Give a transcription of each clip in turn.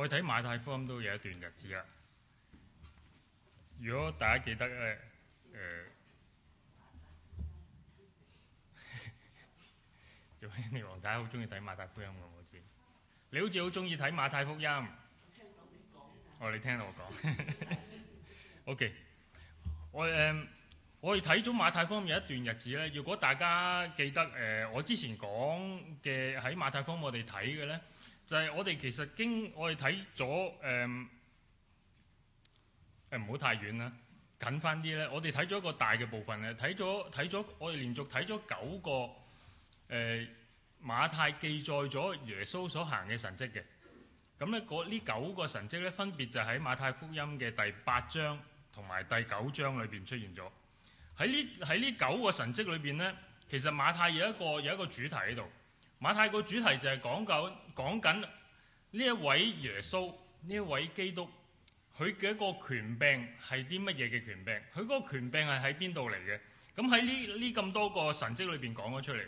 我睇《馬太福音》都有一段日子啦。如果大家記得咧，誒、呃，做咩你王仔好中意睇《馬太福音》㗎？我知，你好似好中意睇《馬太福音》。我聽到你講，哦、你聽到我講。 OK，我誒、呃，我哋睇咗《馬太福音》有一段日子咧。如果大家記得誒、呃，我之前講嘅喺《馬太福音》我哋睇嘅咧。就係我哋其實經我哋睇咗誒誒，唔好太遠啦，近翻啲咧。我哋睇咗一個大嘅部分啊，睇咗睇咗，我哋連續睇咗九個誒、呃、馬太記載咗耶穌所行嘅神蹟嘅。咁咧，呢九個神蹟咧，分別就喺馬太福音嘅第八章同埋第九章裏邊出現咗。喺呢，喺呢九個神蹟裏邊咧，其實馬太有一個有一個主題喺度。馬太個主題就係講緊講緊呢一位耶穌呢一位基督，佢嘅一個權柄係啲乜嘢嘅權柄？佢嗰個權柄係喺邊度嚟嘅？咁喺呢呢咁多個神蹟裏邊講咗出嚟。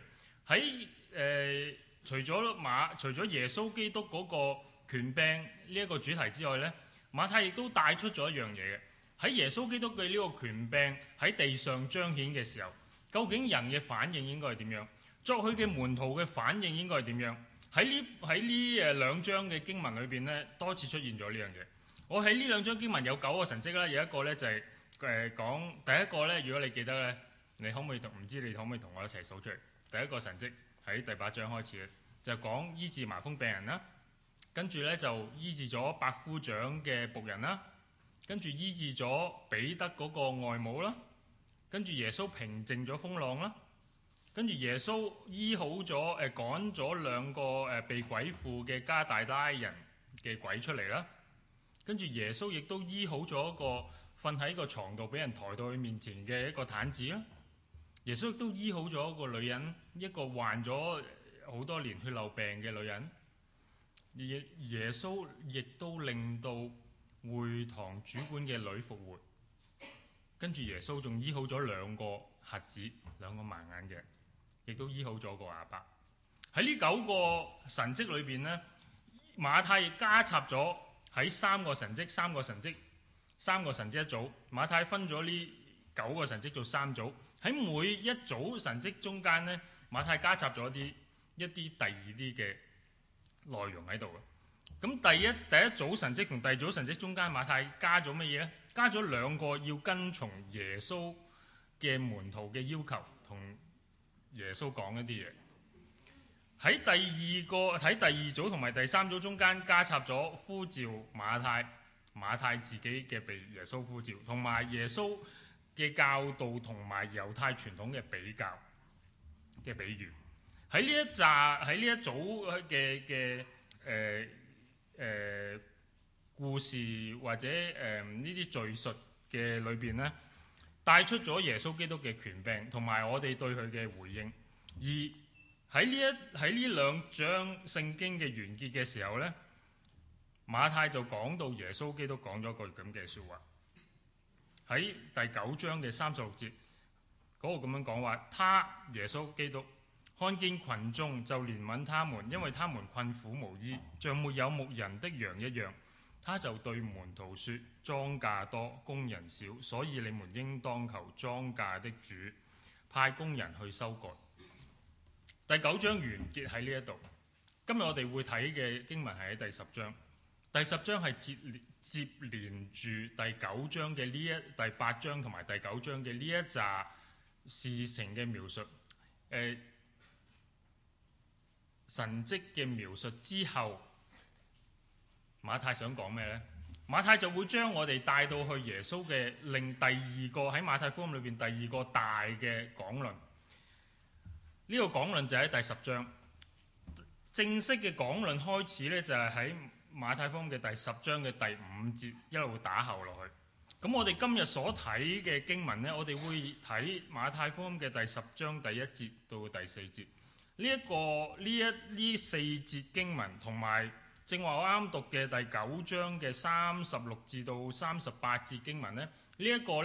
喺誒，除咗馬，除咗耶穌基督嗰個權柄呢一個主題之外咧，馬太亦都帶出咗一樣嘢嘅。喺耶穌基督嘅呢個權柄喺地上彰顯嘅時候，究竟人嘅反應應該係點樣？作佢嘅門徒嘅反應應該係點樣？喺呢喺呢兩章嘅經文裏邊咧，多次出現咗呢樣嘢。我喺呢兩章經文有九個神跡啦，有一個咧就係、是、誒、呃、講第一個咧。如果你記得咧，你可唔可以同唔知你可唔可以同我一齊數出嚟？第一個神跡喺第八章開始就講講醫治麻風病人啦，跟住咧就醫治咗百夫長嘅僕人啦，跟住醫治咗彼得嗰個外母啦，跟住耶穌平靜咗風浪啦。跟住耶穌醫好咗，誒趕咗兩個誒、呃、被鬼附嘅加大拉人嘅鬼出嚟啦。跟住耶穌亦都醫好咗一個瞓喺個床度俾人抬到佢面前嘅一個癱子啦。耶穌亦都醫好咗一個女人，一個患咗好多年血漏病嘅女人。耶耶穌亦都令到會堂主管嘅女復活。跟住耶穌仲醫好咗兩個瞎子，兩個盲眼嘅。也都醫好咗個阿伯。喺呢九個神蹟裏邊呢，馬太加插咗喺三個神蹟、三個神蹟、三個神蹟一組。馬太分咗呢九個神蹟做三組，喺每一組神蹟中間呢，馬太加插咗啲一啲第二啲嘅內容喺度啊。咁第一第一組神蹟同第二組神蹟中間，馬太加咗乜嘢呢？加咗兩個要跟從耶穌嘅門徒嘅要求同。耶穌講一啲嘢。喺第二個，喺第二組同埋第三組中間加插咗呼召馬太，馬太自己嘅被耶穌呼召，同埋耶穌嘅教導同埋猶太傳統嘅比較嘅比喻。喺呢一扎，喺呢一組嘅嘅誒誒故事或者誒、呃、呢啲敘述嘅裏邊咧。帶出咗耶穌基督嘅權柄，同埋我哋對佢嘅回應。而喺呢一喺呢兩章聖經嘅完結嘅時候呢，馬太就講到耶穌基督講咗句咁嘅説話，喺第九章嘅三十六節嗰度咁樣講話，他耶穌基督看見群眾就憐憫他們，因為他們困苦無依，像沒有牧人的羊一樣。他就對門徒説：莊稼多，工人少，所以你們應當求莊稼的主派工人去收割。」第九章完結喺呢一度，今日我哋會睇嘅經文係喺第十章。第十章係接連接連住第九章嘅呢一第八章同埋第九章嘅呢一紮事情嘅描述，誒、呃、神蹟嘅描述之後。馬太想講咩呢？馬太就會將我哋帶到去耶穌嘅另第二個喺馬太福音裏邊第二個大嘅講論。呢個講論就喺第十章。正式嘅講論開始呢就係喺馬太福音嘅第十章嘅第五節一路打後落去。咁我哋今日所睇嘅經文呢，我哋會睇馬太福音嘅第十章第一節到第四節。呢一個呢一呢四節經文同埋。正話我啱讀嘅第九章嘅三十六至到三十八節經文咧，這個、呢、呃、呢一個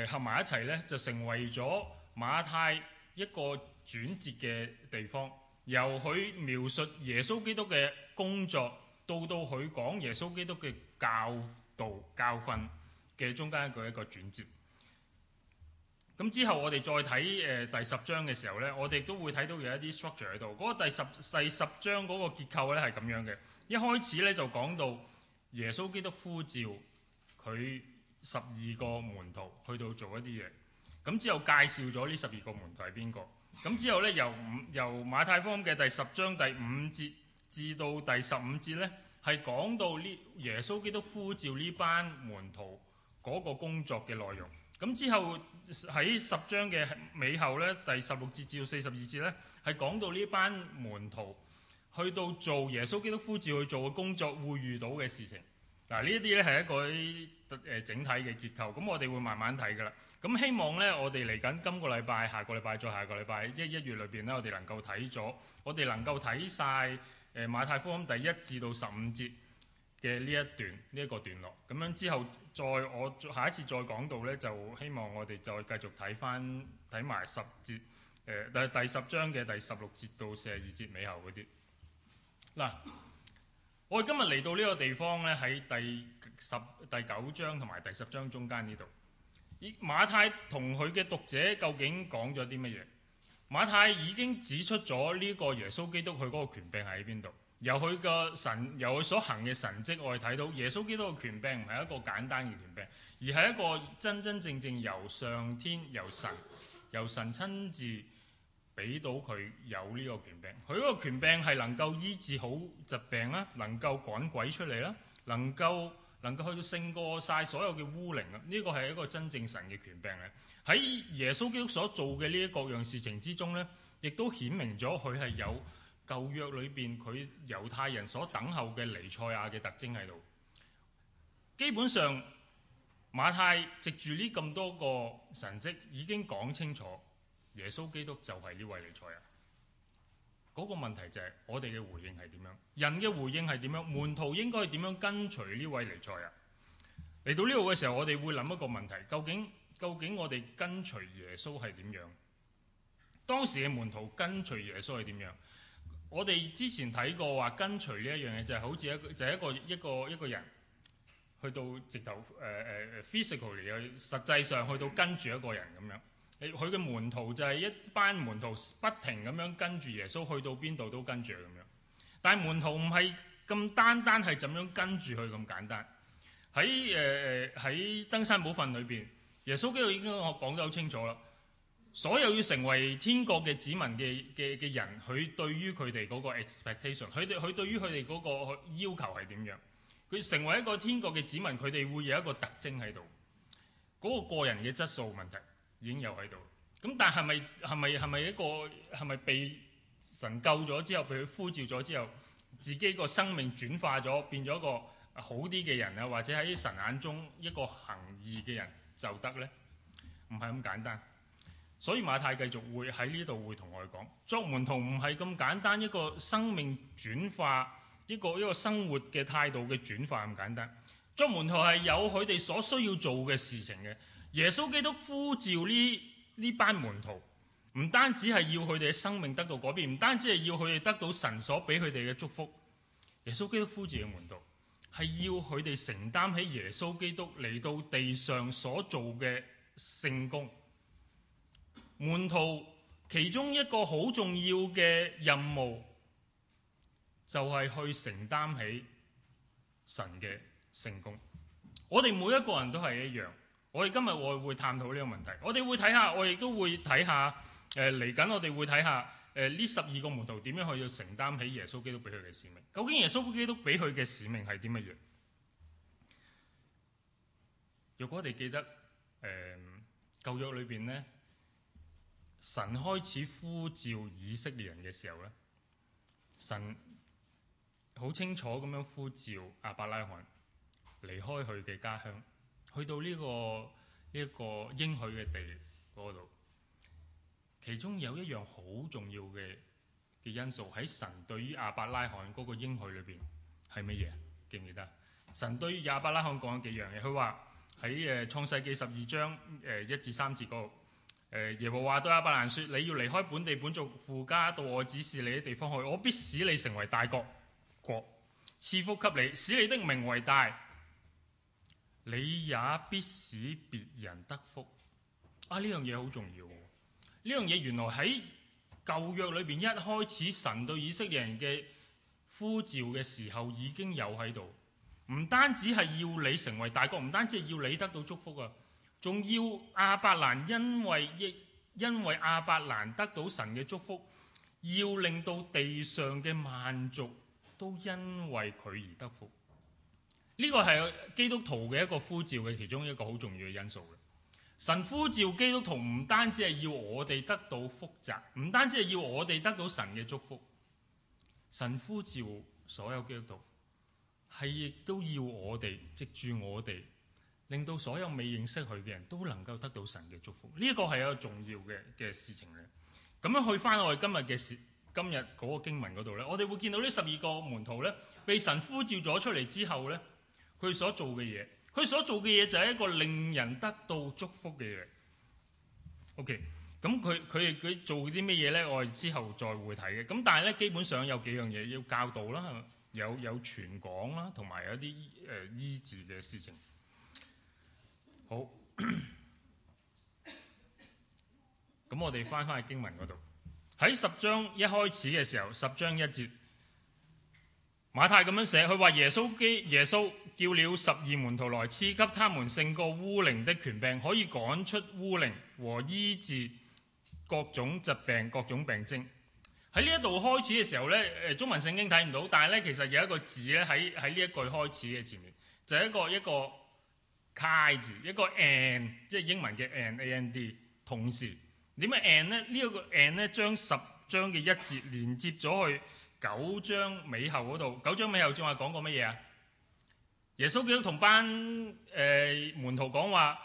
咧，誒合埋一齊咧，就成為咗馬太一個轉折嘅地方，由佢描述耶穌基督嘅工作，到到佢講耶穌基督嘅教導教訓嘅中間一個一個轉折。咁之後我，我哋再睇誒第十章嘅時候呢，我哋都會睇到有一啲 structure 喺度。嗰、嗰個第十第十章嗰個結構呢係咁樣嘅。一開始呢，就講到耶穌基督呼召佢十二個門徒去到做一啲嘢。咁之後介紹咗呢十二個門徒係邊個。咁之後呢，由五由馬太福音嘅第十章第五節至到第十五節呢，係講到呢耶穌基督呼召呢班門徒嗰個工作嘅內容。咁之後。喺十章嘅尾後呢，第十六節至到四十二節呢，係講到呢班門徒去到做耶穌基督呼召去做嘅工作會遇到嘅事情。嗱，呢一啲呢係一個誒、呃、整體嘅結構。咁我哋會慢慢睇㗎啦。咁希望呢，我哋嚟緊今個禮拜、下個禮拜再下個禮拜一一月裏邊呢，我哋能夠睇咗，我哋能夠睇晒誒馬太福音第一至到十五節。嘅呢一段呢一、這個段落，咁樣之後再我下一次再講到呢，就希望我哋再繼續睇返睇埋十節，誒、呃、第第十章嘅第十六節到四十二節尾後嗰啲。嗱，我哋今日嚟到呢個地方呢，喺第十第九章同埋第十章中間呢度，馬太同佢嘅讀者究竟講咗啲乜嘢？馬太已經指出咗呢個耶穌基督佢嗰個權柄喺邊度？由佢嘅神，由佢所行嘅神蹟，我哋睇到耶穌基督嘅權柄唔係一個簡單嘅權柄，而係一個真真正正由上天由神由神親自俾到佢有呢個權柄。佢嗰個權柄係能夠醫治好疾病啦，能夠趕鬼出嚟啦，能夠能夠去到勝過晒所有嘅污靈啊！呢個係一個真正神嘅權柄嚟。喺耶穌基督所做嘅呢一各樣事情之中咧，亦都顯明咗佢係有。舊約裏邊，佢猶太人所等候嘅彌賽亞嘅特徵喺度。基本上馬太藉住呢咁多個神跡已經講清楚，耶穌基督就係呢位彌賽亞。嗰個問題就係我哋嘅回應係點樣？人嘅回應係點樣？門徒應該點樣跟隨呢位彌賽亞？嚟到呢度嘅時候，我哋會諗一個問題：究竟究竟我哋跟隨耶穌係點樣？當時嘅門徒跟隨耶穌係點樣？我哋之前睇過話跟隨呢一樣嘢，就係好似一個就係一個一個一個人去到直頭 physical 嚟去，呃呃、ically, 實際上去到跟住一個人咁樣。佢佢嘅門徒就係一班門徒不停咁樣跟住耶穌，去到邊度都跟住佢咁樣。但門徒唔係咁單單係怎樣跟住佢咁簡單。喺喺登山寶訓裏面，耶穌基督已經我講得好清楚啦。所有要成為天國嘅子民嘅嘅嘅人，佢對於佢哋嗰個 expectation，佢哋佢對於佢哋嗰個要求係點樣？佢成為一個天國嘅子民，佢哋會有一個特徵喺度，嗰、那個個人嘅質素問題已經有喺度。咁但係咪係咪係咪一個係咪被神救咗之後被佢呼召咗之後，自己個生命轉化咗變咗一個好啲嘅人啊？或者喺神眼中一個行義嘅人就得呢？唔係咁簡單。所以馬太繼續會喺呢度會同我哋講，作門徒唔係咁簡單，一個生命轉化，一個一個生活嘅態度嘅轉化咁簡單。作門徒係有佢哋所需要做嘅事情嘅。耶穌基督呼召呢呢班門徒，唔單止係要佢哋嘅生命得到改變，唔單止係要佢哋得到神所俾佢哋嘅祝福。耶穌基督呼召嘅門徒，係要佢哋承擔起耶穌基督嚟到地上所做嘅聖工。門徒其中一個好重要嘅任務，就係去承擔起神嘅聖工。我哋每一個人都係一樣。我哋今日我會探討呢個問題。我哋會睇下，我亦都會睇下。誒，嚟緊我哋會睇下。誒，呢十二個門徒點樣去承擔起耶穌基督俾佢嘅使命？究竟耶穌基督俾佢嘅使命係啲乜嘢？若果我哋記得，誒，舊約裏邊咧。神開始呼召以色列人嘅時候咧，神好清楚咁樣呼召亞伯拉罕離開佢嘅家鄉，去到呢、這個一、這個應許嘅地嗰度、那個。其中有一樣好重要嘅嘅因素喺神對於亞伯拉罕嗰個應許裏邊係乜嘢？記唔記得？神對於亞伯拉罕講咗幾樣嘢，佢話喺誒創世記十二章誒、呃、一至三節嗰度。誒耶和華對亞伯蘭説：你要離開本地本族父家，到我指示你的地方去。我必使你成為大國國，賜福給你，使你的名為大。你也必使別人得福。啊！呢樣嘢好重要。呢樣嘢原來喺舊約裏邊一開始，神對以色列人嘅呼召嘅時候已經有喺度。唔單止係要你成為大國，唔單止係要你得到祝福啊！仲要亞伯蘭因為亦因為亞伯蘭得到神嘅祝福，要令到地上嘅萬族都因為佢而得福。呢個係基督徒嘅一個呼召嘅其中一個好重要嘅因素。神呼召基督徒唔單止係要我哋得到福澤，唔單止係要我哋得到神嘅祝福。神呼召所有基督徒，係亦都要我哋藉住我哋。令到所有未認識佢嘅人都能夠得到神嘅祝福，呢一個係一個重要嘅嘅事情咧。咁樣去返我哋今日嘅事，今日嗰個經文嗰度咧，我哋會見到呢十二個門徒咧，被神呼召咗出嚟之後咧，佢所做嘅嘢，佢所做嘅嘢就係一個令人得到祝福嘅嘢。OK，咁佢佢佢做啲咩嘢咧？我哋之後再會睇嘅。咁但係咧，基本上有幾樣嘢要教導啦，有有傳講啦，同埋有啲誒、呃、醫治嘅事情。好，咁 我哋返返去經文嗰度，喺十章一開始嘅時候，十章一節，馬太咁樣寫，佢話耶穌基耶穌叫了十二門徒來，賜給他們勝過污靈的權柄，可以趕出污靈和醫治各種疾病、各種病徵。喺呢一度開始嘅時候呢，誒，中文聖經睇唔到，但係呢其實有一個字咧喺喺呢一句開始嘅前面，就係一個一個。一個 K 字一個 and 即係英文嘅 and，同時點解 and 咧？呢、這、一個 and 咧，將十章嘅一節連接咗去九章尾後嗰度。九章尾後正話講過乜嘢啊？耶穌基督同班誒、呃、門徒講話，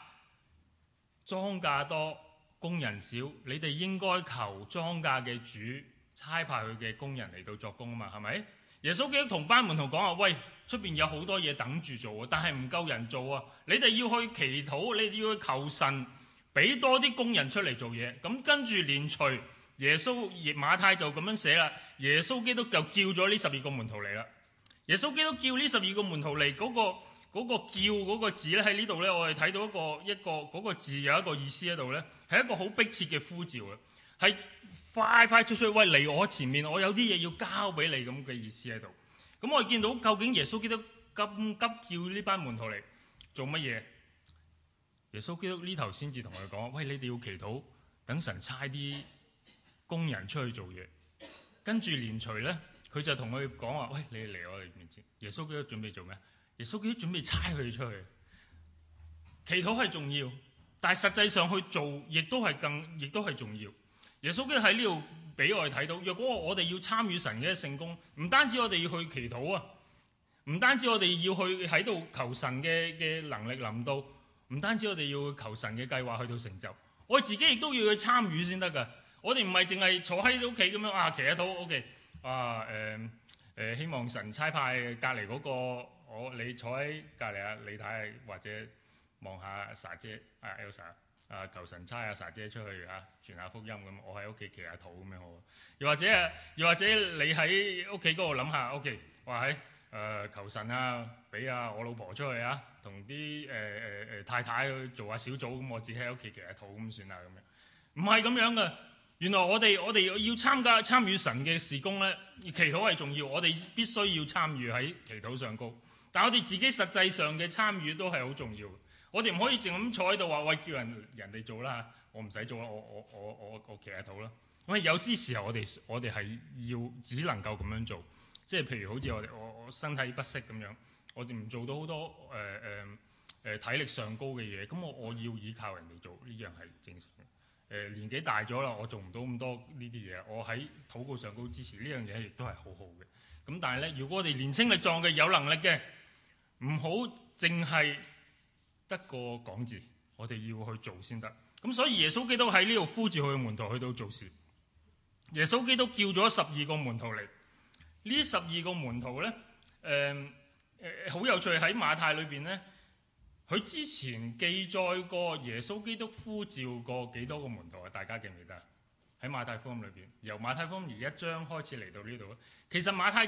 莊稼多工人少，你哋應該求莊稼嘅主差派佢嘅工人嚟到作工啊嘛？係咪？耶穌基督同班門徒講話，喂！出邊有好多嘢等住做啊，但係唔夠人做啊！你哋要去祈禱，你哋要去求神俾多啲工人出嚟做嘢。咁跟住連隨耶穌，馬太就咁樣寫啦。耶穌基督就叫咗呢十二個門徒嚟啦。耶穌基督叫呢十二個門徒嚟，嗰個嗰個叫嗰個字咧喺呢度咧，我哋睇到一個一個嗰個字有一個意思喺度咧，係一個好迫切嘅呼召啊！係快快脆脆，喂，嚟我前面，我有啲嘢要交俾你咁嘅意思喺度。咁我哋見到究竟耶穌基督急急叫呢班門徒嚟做乜嘢？耶穌基督呢頭先至同佢講：「喂，你哋要祈禱，等神差啲工人出去做嘢。跟住連隨咧，佢就同佢講話：「喂，你哋嚟我哋面前。耶穌基督準備做咩？耶穌基督準備差佢哋出去。祈禱係重要，但係實際上去做，亦都係更，亦都係重要。耶穌基督喺呢度。俾我哋睇到，若果我哋要參與神嘅聖工，唔單止我哋要去祈禱啊，唔單止我哋要去喺度求神嘅嘅能力臨到，唔單止我哋要求神嘅計劃去到成就，我自己亦都要去參與先得噶。我哋唔係淨係坐喺屋企咁樣啊，祈禱 O K，啊誒誒、呃呃，希望神差派隔離嗰個我你坐喺隔離啊，李太或者望下珊姐啊，Elsa。啊！求神差啊，沙姐出去啊，傳下福音咁、啊。我喺屋企祈下禱咁樣好。又或者啊，又或者你喺屋企嗰度諗下，OK，我喺誒求神啊，俾啊我老婆出去啊，同啲誒誒誒太太去做下小組咁、啊。我自己喺屋企祈下禱咁算啦咁、啊、樣。唔係咁樣嘅。原來我哋我哋要參加參與神嘅事工咧，祈禱係重要。我哋必須要參與喺祈禱上高。但我哋自己實際上嘅參與都係好重要。我哋唔可以淨咁坐喺度話喂，叫人人哋做啦。我唔使做啦，我我我我我企喺度啦。咁有啲時候我哋我哋係要只能夠咁樣做，即係譬如好似我哋我我身體不適咁樣，我哋唔做到好多誒誒誒體力上高嘅嘢。咁我我要依靠人哋做呢樣係正常嘅。誒、呃、年紀大咗啦，我做唔到咁多呢啲嘢，我喺禱告上高支持呢樣嘢，亦都係好好嘅。咁但係咧，如果我哋年青力壯嘅有能力嘅，唔好淨係，得個講字，我哋要去做先得。咁所以耶穌基督喺呢度呼召佢嘅門徒去到做事。耶穌基督叫咗十二個門徒嚟。呢十二個門徒呢，誒誒好有趣喺馬太裏邊呢，佢之前記載過耶穌基督呼召過幾多個門徒啊？大家記唔記得？喺馬太福音裏邊，由馬太福音而一章開始嚟到呢度。其實馬太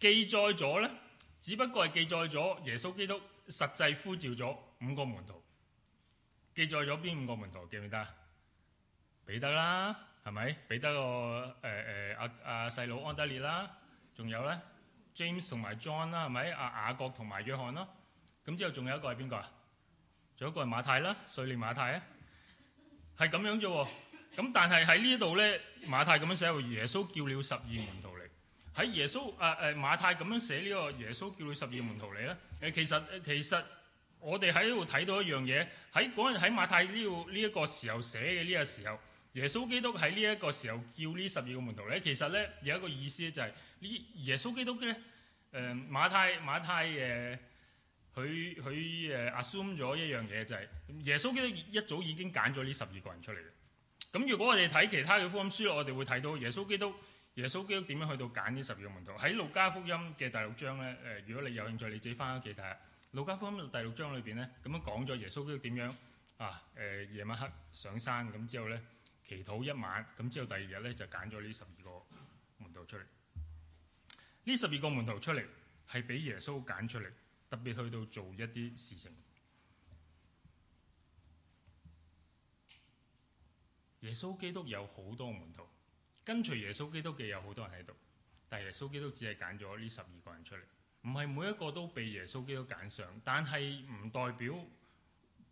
記載咗呢，只不過係記載咗耶穌基督，實際呼召咗五個門徒，記載咗邊五個門徒，記唔記得啊？彼得啦，係咪？彼得個誒誒阿阿細佬安德烈啦，仲有咧 James 同埋 John、啊、啦，係咪？阿雅各同埋約翰咯。咁之後仲有一個係邊個啊？仲有一個係馬太啦，稅吏馬太啊？係咁 樣啫喎。咁但係喺呢度咧，馬太咁樣寫話耶穌叫了十二門徒。喺耶穌，誒誒馬太咁樣寫呢個耶穌叫佢十二門徒嚟咧，誒其實、啊、其實我哋喺度睇到一樣嘢，喺嗰日喺馬太呢度呢一個時候寫嘅，呢個時候耶穌基督喺呢一個時候叫呢十二個門徒咧，其實咧有一個意思就係、是、呢耶穌基督咧，誒、啊、馬太馬太誒佢佢誒 assume 咗一樣嘢，就係耶穌基督一早已經揀咗呢十二個人出嚟嘅。咁如果我哋睇其他嘅福音書，我哋會睇到耶穌基督。耶穌基督點樣去到揀呢十二個門徒？喺路加福音嘅第六章咧，誒、呃，如果你有興趣，你自己翻屋企睇下。路加福音的第六章裏邊咧，咁樣講咗耶穌基督點樣啊？誒、呃，夜晚黑上山，咁之後咧，祈禱一晚，咁之後第二日咧就揀咗呢十二個門徒出嚟。呢十二個門徒出嚟係俾耶穌揀出嚟，特別去到做一啲事情。耶穌基督有好多門徒。跟隨耶穌基督嘅有好多人喺度，但耶穌基督只係揀咗呢十二個人出嚟，唔係每一個都被耶穌基督揀上，但係唔代表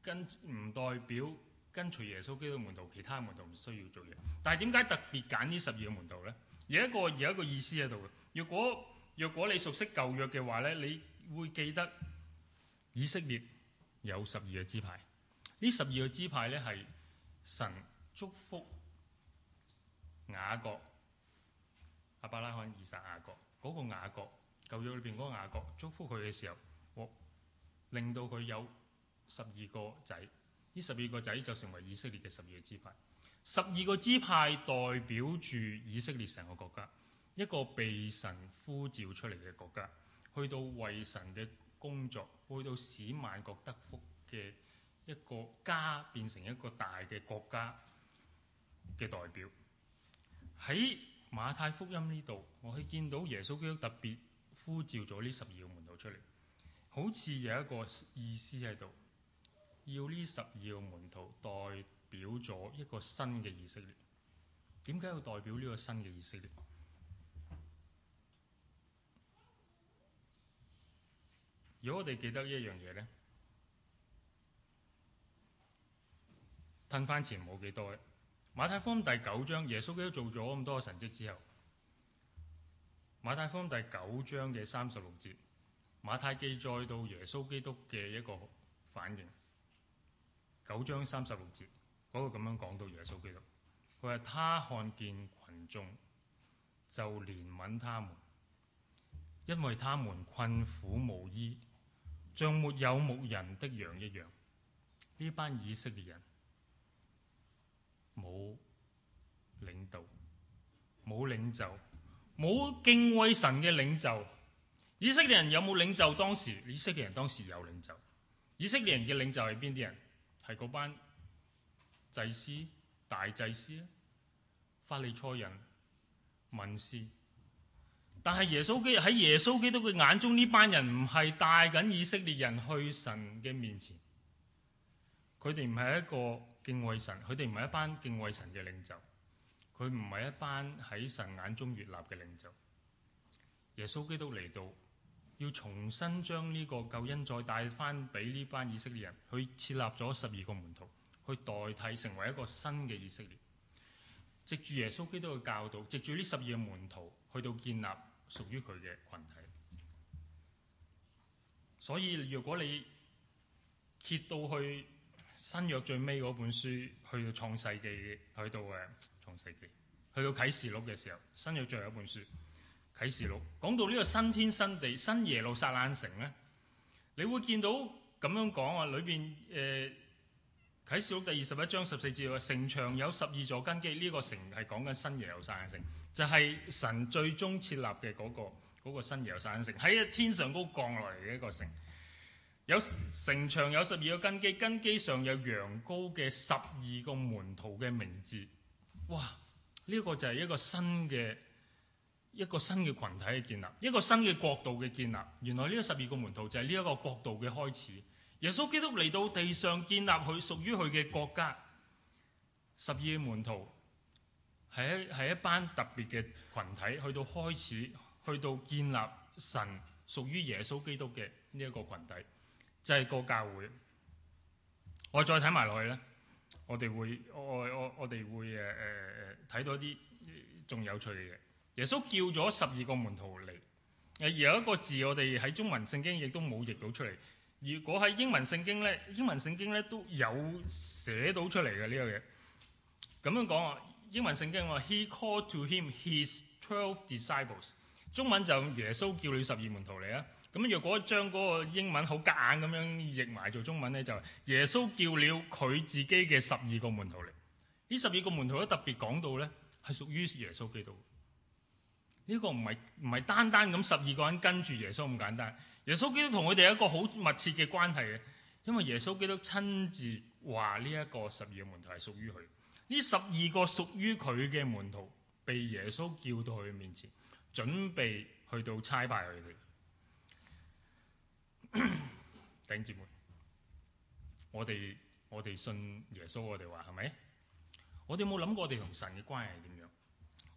跟唔代表跟隨耶穌基督門徒其他門徒唔需要做嘢。但係點解特別揀呢十二個門徒呢？有一個有一個意思喺度嘅。如果如果你熟悉舊約嘅話呢，你會記得以色列有十二個支派，呢十二個支派呢，係神祝福。雅各、亞伯拉罕以撒雅各，嗰、那個雅各，舊約裏邊嗰個雅各，祝福佢嘅時候，我令到佢有十二個仔，呢十二個仔就成為以色列嘅十二個支派，十二個支派代表住以色列成個國家，一個被神呼召出嚟嘅國家，去到為神嘅工作，去到使萬國得福嘅一個家，變成一個大嘅國家嘅代表。喺馬太福音呢度，我可以見到耶穌基督特別呼召咗呢十二個門徒出嚟，好似有一個意思喺度，要呢十二個門徒代表咗一個新嘅以色列。點解要代表呢個新嘅以色列？如果我哋記得呢一樣嘢咧，吞翻錢冇幾多。馬太福音第九章，耶穌基督做咗咁多神蹟之後，馬太福音第九章嘅三十六節，馬太記載到耶穌基督嘅一個反應。九章三十六節嗰、那個咁樣講到耶穌基督，佢話他看見群眾就憐憫他們，因為他們困苦無依，像沒有牧人的羊一樣。呢班以色列人。冇領導，冇領袖，冇敬畏神嘅領袖。以色列人有冇領袖？當時以色列人當時有領袖。以色列人嘅領袖係邊啲人？係嗰班祭司、大祭司、法利賽人、文士。但係耶穌基，耶穌基督喺耶穌基督嘅眼中，呢班人唔係帶緊以色列人去神嘅面前，佢哋唔係一個。敬畏神，佢哋唔係一班敬畏神嘅領袖，佢唔係一班喺神眼中悅納嘅領袖。耶穌基督嚟到，要重新將呢個救恩再帶翻俾呢班以色列人，去設立咗十二個門徒，去代替成為一個新嘅以色列，藉住耶穌基督嘅教導，藉住呢十二個門徒去到建立屬於佢嘅群體。所以如果你揭到去，新約最尾嗰本書去到創世記，去到誒創世記，去到啟示錄嘅時候，新約最後一本書啟示錄講到呢個新天新地、新耶路撒冷城咧，你會見到咁樣講啊，裏邊誒啟示錄第二十一章十四節話，城牆有十二座根基，呢、這個城係講緊新耶路撒冷城，就係、是、神最終設立嘅嗰、那個嗰、那個新耶路撒冷城，喺天上高降落嚟嘅一個城。有城牆有十二個根基，根基上有羊羔嘅十二個門徒嘅名字。哇！呢、這個就係一個新嘅一個新嘅群體嘅建立，一個新嘅國度嘅建立。原來呢個十二個門徒就係呢一個國度嘅開始。耶穌基督嚟到地上建立佢屬於佢嘅國家，十二個門徒係一係一班特別嘅群體，去到開始去到建立神屬於耶穌基督嘅呢一個群體。就係個教會，我再睇埋落去咧，我哋會我我我哋會誒誒誒睇到啲仲有趣嘅嘢。耶穌叫咗十二個門徒嚟，而有一個字我哋喺中文聖經亦都冇譯到出嚟。如果喺英文聖經咧，英文聖經咧都有寫到出嚟嘅呢樣嘢。咁樣講啊，英文聖經話 He called to him his twelve disciples。中文就耶穌叫你十二門徒嚟啊。咁若果將嗰個英文好夾硬咁樣譯埋做中文咧，就係、耶穌叫了佢自己嘅十二個門徒嚟。呢十二個門徒都特別講到咧，係屬於耶穌基督。呢個唔係唔係單單咁十二個人跟住耶穌咁簡單。耶穌基督同佢哋一個好密切嘅關係嘅，因為耶穌基督親自話呢一個十二個門徒係屬於佢。呢十二個屬於佢嘅門徒，被耶穌叫到佢面前，準備去到差派佢哋。 弟兄姊妹，我哋我哋信耶穌我，我哋話係咪？我哋冇諗過我哋同神嘅關係係點樣？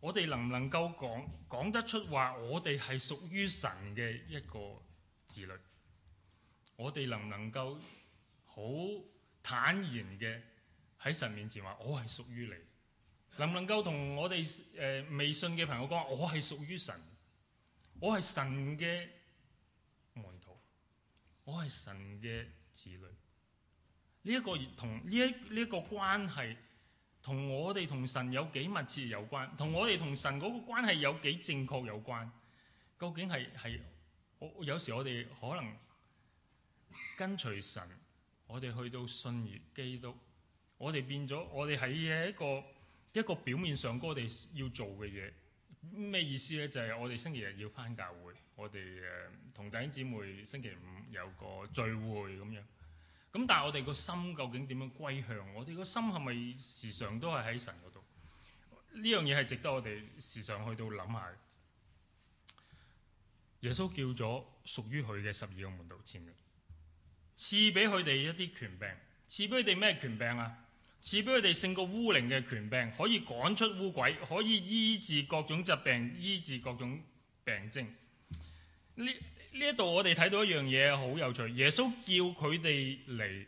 我哋能唔能夠講講得出話我哋係屬於神嘅一個子女？我哋能唔能夠好坦然嘅喺神面前話我係屬於你？能唔能夠同我哋誒未信嘅朋友講我係屬於神？我係神嘅。我係神嘅子女，呢、這個、一個同呢一呢一個關係，同我哋同神有幾密切有關，同我哋同神嗰個關係有幾正確有關。究竟係係，有時我哋可能跟隨神，我哋去到信耶穌基督，我哋變咗，我哋喺一個一個表面上，我哋要做嘅嘢。咩意思咧？就係、是、我哋星期日要翻教會，我哋誒同弟兄姊妹星期五有個聚會咁樣。咁但係我哋個心究竟點樣歸向？我哋個心係咪時常都係喺神嗰度？呢樣嘢係值得我哋時常去到諗下。耶穌叫咗屬於佢嘅十二個門徒前嚟，賜俾佢哋一啲權柄，賜俾佢哋咩權柄啊？賜俾佢哋勝過污靈嘅權柄，可以趕出污鬼，可以醫治各種疾病，醫治各種病症。呢呢一度我哋睇到一樣嘢好有趣。耶穌叫佢哋嚟，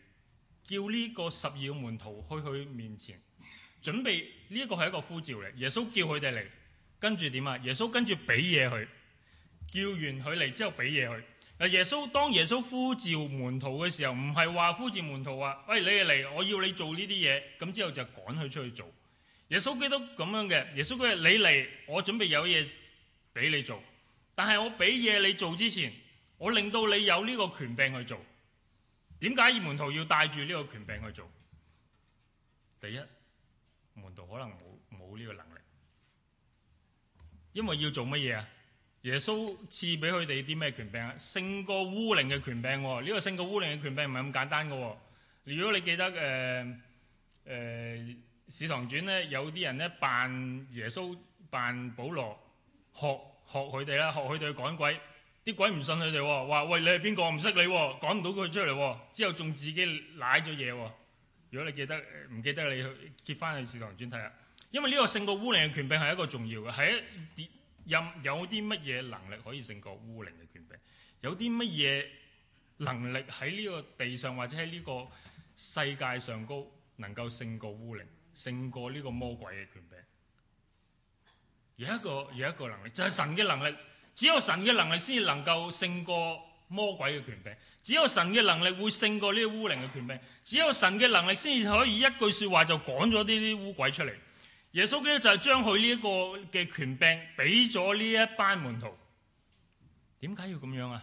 叫呢個十二門徒去佢面前，準備呢一、呢個係一個呼召嚟。耶穌叫佢哋嚟，跟住點啊？耶穌跟住俾嘢佢，叫完佢嚟之後俾嘢佢。耶穌當耶穌呼召門徒嘅時候，唔係話呼召門徒話：「喂，你嚟，我要你做呢啲嘢。咁之後就趕佢出去做。耶穌基督咁樣嘅。耶穌基督話你嚟，我準備有嘢俾你做。但係我俾嘢你做之前，我令到你有呢個權柄去做。點解門徒要帶住呢個權柄去做？第一，門徒可能冇冇呢個能力，因為要做乜嘢啊？耶穌賜俾佢哋啲咩權柄啊？勝過污靈嘅權柄喎，呢、這個勝過污靈嘅權柄唔係咁簡單嘅喎。如果你記得誒誒《使徒行傳》咧，有啲人咧扮耶穌、扮保羅，學學佢哋啦，學佢哋去趕鬼，啲鬼唔信佢哋喎，話喂，你係邊個？我唔識你喎，趕唔到佢出嚟喎，之後仲自己舐咗嘢喎。如果你記得唔、呃、記得你去揭翻去《使徒行傳》睇下。因為呢個勝過污靈嘅權柄係一個重要嘅，係一。任有啲乜嘢能力可以勝過烏靈嘅權柄？有啲乜嘢能力喺呢個地上，或者喺呢個世界上高能夠勝過烏靈、勝過呢個魔鬼嘅權柄？有一個有一個能力就係、是、神嘅能力，只有神嘅能力先能夠勝過魔鬼嘅權柄，只有神嘅能力會勝過呢個烏靈嘅權柄，只有神嘅能力先可以一句説話就趕咗呢啲烏鬼出嚟。耶穌基督就係將佢呢一個嘅權柄俾咗呢一班門徒，點解要咁樣啊？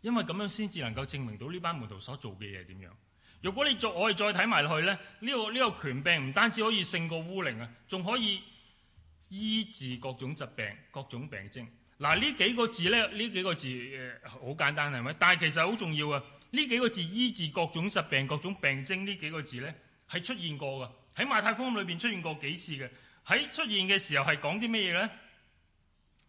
因為咁樣先至能夠證明到呢班門徒所做嘅嘢點樣。如果你再我哋再睇埋落去咧，呢個呢個權柄唔單止可以勝過污靈啊，仲可以醫治各種疾病、各種病徵。嗱，呢幾個字咧，呢幾個字好簡單係咪？但係其實好重要啊！呢幾個字醫治各種疾病、各種病徵，呢幾個字咧，係出現過噶。喺馬太福音裏邊出現過幾次嘅，喺出現嘅時候係講啲咩嘢呢？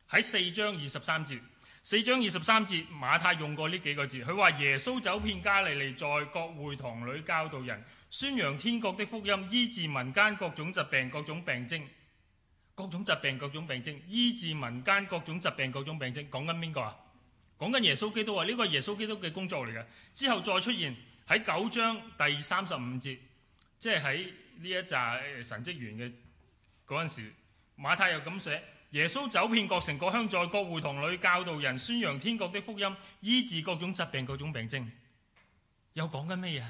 喺四章二十三節，四章二十三節馬太用過呢幾個字，佢話耶穌走遍加利利，在各會堂裏教導人，宣揚天國的福音，醫治民間各種疾病、各種病症、各種疾病、各種病症，醫治民間各種疾病、各種病症。講緊邊個啊？講緊耶穌基督啊。呢個耶穌基督嘅工作嚟嘅。之後再出現喺九章第三十五節，即係喺。呢一紮神職員嘅嗰陣時，馬太又咁寫：耶穌走遍各城各鄉，在各會堂裏教導人，宣揚天國的福音，醫治各種疾病、各種病症。又講緊咩嘢？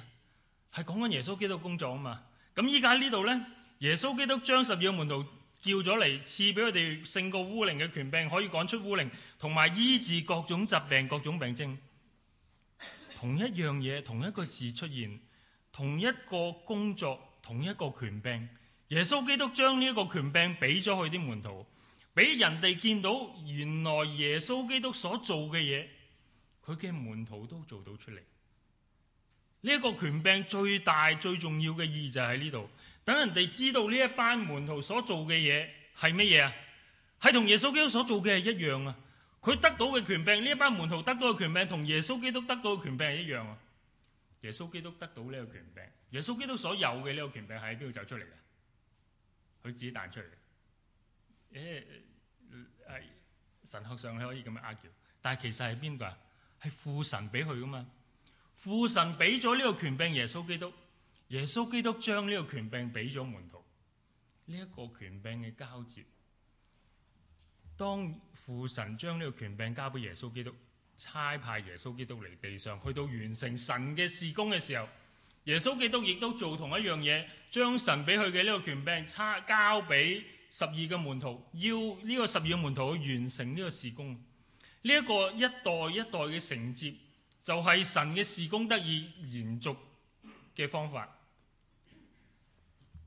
係講緊耶穌基督工作啊嘛。咁依家喺呢度咧，耶穌基督將十二個門徒叫咗嚟，賜俾佢哋勝過污靈嘅權柄，可以趕出污靈，同埋醫治各種疾病、各種病症。同一樣嘢，同一個字出現，同一個工作。同一個權柄，耶穌基督將呢一個權柄俾咗佢啲門徒，俾人哋見到原來耶穌基督所做嘅嘢，佢嘅門徒都做到出嚟。呢個權柄最大最重要嘅意義就喺呢度，等人哋知道呢一班門徒所做嘅嘢係乜嘢啊？係同耶穌基督所做嘅係一樣啊！佢得到嘅權柄，呢一班門徒得到嘅權柄，同耶穌基督得到嘅權柄係一樣啊！耶穌基督得到呢個權柄。耶穌基督所有嘅呢個權柄係喺邊度走出嚟嘅？佢自己彈出嚟嘅。誒，係、哎、神學上你可以咁樣呃叫，但係其實係邊個啊？係父神俾佢噶嘛？父神俾咗呢個權柄耶穌基督，耶穌基督將呢個權柄俾咗門徒。呢、這、一個權柄嘅交接，當父神將呢個權柄交俾耶穌基督，差派耶穌基督嚟地上，去到完成神嘅事工嘅時候。耶穌基督亦都做同一樣嘢，將神俾佢嘅呢個權柄差交俾十二個門徒，要呢個十二個門徒去完成呢個事工。呢一個一代一代嘅承接，就係神嘅事工得以延續嘅方法。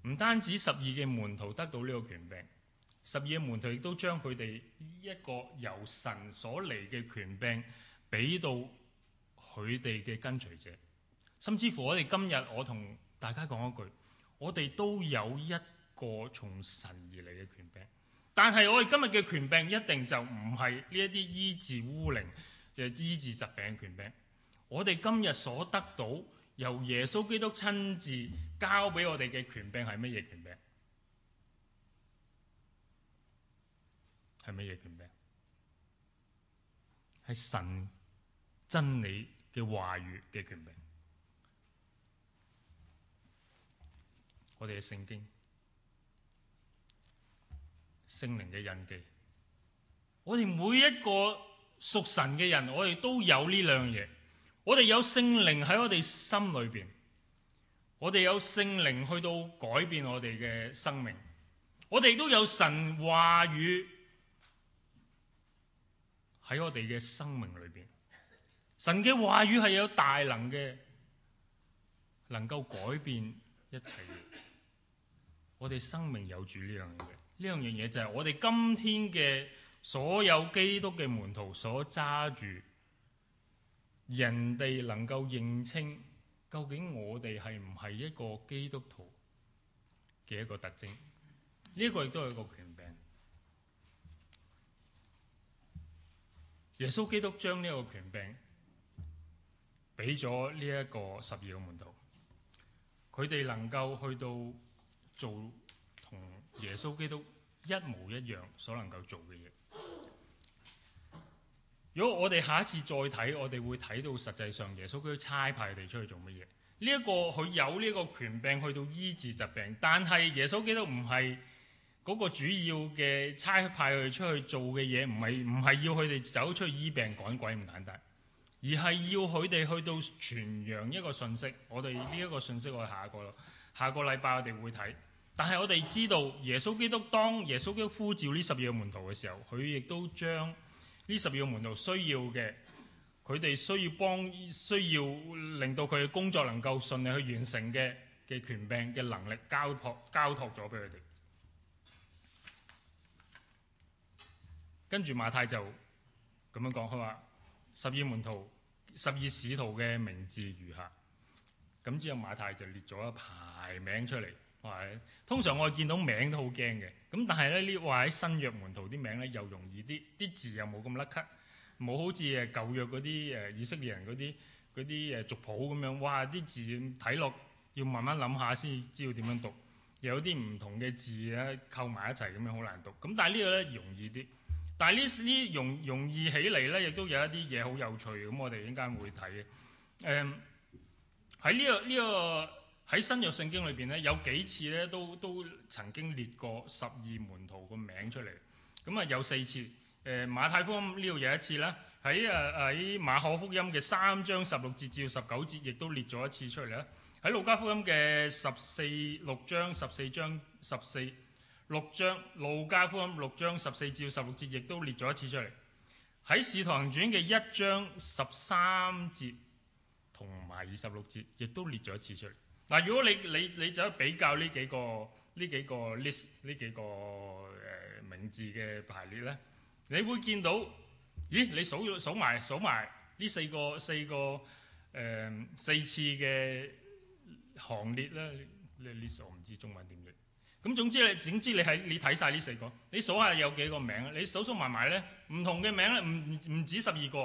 唔單止十二嘅門徒得到呢個權柄，十二嘅門徒亦都將佢哋一個由神所嚟嘅權柄俾到佢哋嘅跟隨者。甚至乎我哋今日我同大家講一句，我哋都有一個從神而嚟嘅權柄，但係我哋今日嘅權柄一定就唔係呢一啲醫治污靈，就係醫治疾病嘅權柄。我哋今日所得到由耶穌基督親自交俾我哋嘅權柄係乜嘢權柄？係乜嘢權柄？係神真理嘅話語嘅權柄。我哋嘅聖經、聖靈嘅印記，我哋每一個屬神嘅人，我哋都有呢兩樣嘢。我哋有聖靈喺我哋心裏邊，我哋有聖靈去到改變我哋嘅生命。我哋都有神話語喺我哋嘅生命裏邊。神嘅話語係有大能嘅，能夠改變一切嘅。我哋生命有住呢樣嘢，呢樣嘢就係我哋今天嘅所有基督嘅門徒所揸住，人哋能夠認清究竟我哋係唔係一個基督徒嘅一個特徵，呢一個亦都係一個權柄。耶穌基督將呢個權柄俾咗呢一個十二個門徒，佢哋能夠去到。做同耶穌基督一模一樣所能夠做嘅嘢。如果我哋下一次再睇，我哋會睇到實際上耶穌基督差派佢哋出去做乜嘢。呢一個佢有呢個權柄去到醫治疾病，但係耶穌基督唔係嗰個主要嘅差派佢出去做嘅嘢，唔係，唔係要佢哋走出去醫病趕鬼，唔簡單，而係要佢哋去到傳揚一個信息。我哋呢一個信息，我哋下一個啦。下個禮拜我哋會睇，但係我哋知道耶穌基督當耶穌基督呼召呢十二個門徒嘅時候，佢亦都將呢十二個門徒需要嘅，佢哋需要幫需要令到佢嘅工作能夠順利去完成嘅嘅權柄嘅能力交託交託咗俾佢哋。跟住馬太就咁樣講，佢話十二門徒十二使徒嘅名字如下，咁之後馬太就列咗一排。名出嚟，哇！通常我見到名都好驚嘅，咁但係咧呢，哇！喺新約門徒啲名咧又容易啲，啲字又冇咁甩咳，冇好似誒舊約嗰啲誒以色列人嗰啲啲誒族譜咁樣，哇！啲字睇落要慢慢諗下先知道點樣讀，又有啲唔同嘅字咧、啊、扣埋一齊咁樣好難讀。咁但係呢個咧容易啲，但係呢呢容容易起嚟咧，亦都有一啲嘢好有趣。咁我哋呢間會睇嘅，誒喺呢個呢個。這個喺新約聖經裏邊咧，有幾次咧都都曾經列過十二門徒個名出嚟。咁啊，有四次。誒馬太福音呢度有一次啦，喺誒喺馬可福音嘅三章十六節至十九節，亦都列咗一次出嚟啦。喺路加福音嘅十四六章十四章十四六章，路加福音六章十四至十六節，亦都列咗一次出嚟。喺《使徒行傳》嘅一章十三節同埋二十六節，亦都列咗一次出嚟。嗱，如果你你你就比較呢幾個呢幾個 list 呢幾個誒、呃、名字嘅排列咧，你會見到，咦？你數數埋數埋呢四個四個誒、呃、四次嘅行列咧，你 list 我唔知中文點譯。咁總，總之你總之你係你睇晒呢四個，你數下有幾個名？你數數埋埋咧，唔同嘅名咧，唔唔止十二個，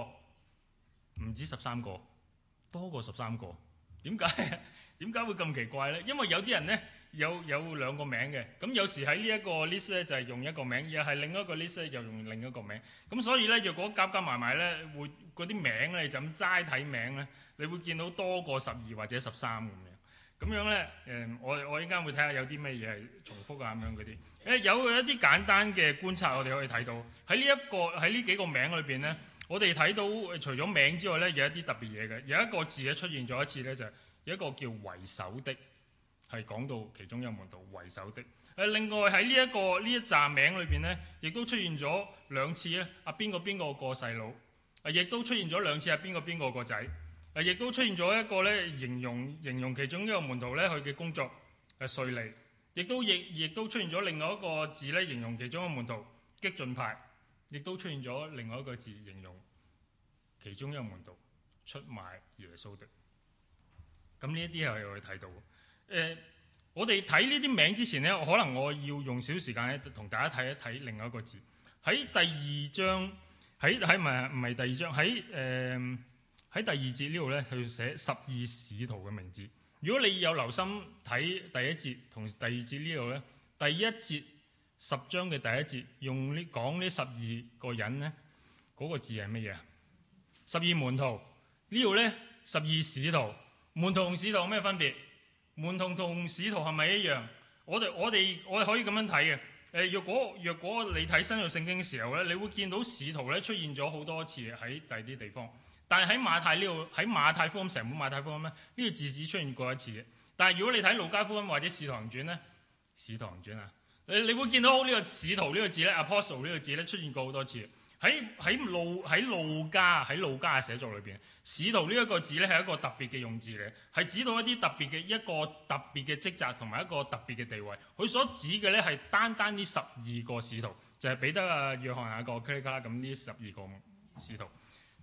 唔止十三個，多過十三個。點解？點解會咁奇怪咧？因為有啲人咧，有有兩個名嘅，咁有時喺呢一個 list 咧就係用一個名，又係另一個 list 咧又用另一個名。咁所以咧，若果夾夾埋埋咧，會嗰啲名咧就咁齋睇名咧，你會見到多過十二或者十三咁樣。咁樣咧，誒，我我一陣間會睇下有啲咩嘢係重複啊咁樣嗰啲。誒，有一啲簡單嘅觀察，我哋可以睇到喺呢一個喺呢幾個名裏邊咧，我哋睇到除咗名之外咧，有一啲特別嘢嘅。有一個字咧出現咗一次咧，就係。一個叫為首的，係講到其中一個門徒為首的。誒，另外喺呢一個呢一集名裏邊呢，亦都出現咗兩次咧。啊，邊個邊個個細佬，誒亦都出現咗兩次。阿邊個邊個個仔，誒亦都出現咗一個咧，形容形容其中一個門徒咧佢嘅工作係稅吏，亦都亦亦都出現咗另外一個字咧，形容其中一個門徒激進派，亦都出現咗另外一個字形容其中一個門徒出賣耶穌的。咁呢一啲係我哋睇到嘅、呃。我哋睇呢啲名之前呢，可能我要用少時間咧，同大家睇一睇另外一個字。喺第二章，喺喺唔係唔係第二章，喺誒喺第二節呢度咧去寫十二使徒嘅名字。如果你有留心睇第一節同第二節呢度咧，第一節十章嘅第一節用呢講呢十二個人咧，嗰、那個字係乜嘢啊？十二門徒呢度咧，十二使徒。門徒同使徒有咩分別？門徒同使徒係咪一樣？我哋我哋我哋可以咁樣睇嘅。誒、呃，若果若果你睇新約聖經嘅時候咧，你會見到使徒咧出現咗好多次喺第二啲地方。但係喺馬太呢度，喺馬太福音成本馬太福音咧，呢、這個字只出現過一次。但係如果你睇路加福音或者使徒行傳咧，使徒行傳啊，你你會見到呢個使徒呢個字咧、apostle 呢個字咧出現過好多次。喺喺路喺路加喺路加嘅寫作裏邊，使徒呢一個字咧係一個特別嘅用字嚟，係指到一啲特別嘅一個特別嘅職責同埋一個特別嘅地位。佢所指嘅咧係單單呢十二個使徒，就係彼得啊、約翰啊、個基利加咁呢十二個使徒。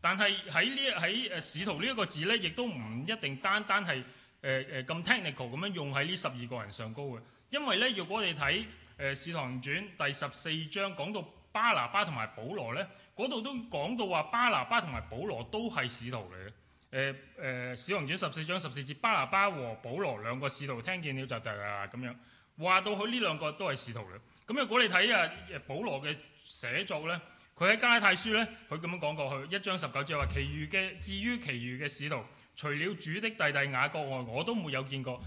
但係喺呢喺誒使徒呢一個字咧，亦都唔一定單單係誒誒、呃、咁 technical 咁樣用喺呢十二個人上高嘅，因為咧若果你睇誒、呃《使徒行傳第14》第十四章講到。巴拿巴同埋保羅咧，嗰度都講到話巴拿巴同埋保羅都係使徒嚟嘅。誒、呃、誒，呃《使徒行傳》十四章十四節，巴拿巴和保羅兩個使徒聽見了就得啊，咁樣話到，佢呢兩個都係使徒嚟。咁如果你睇啊保羅嘅寫作咧，佢喺《加拉太書》咧，佢咁樣講過，佢一章十九節話，其餘嘅至於其餘嘅使徒，除了主的弟弟雅各外，我都沒有見過。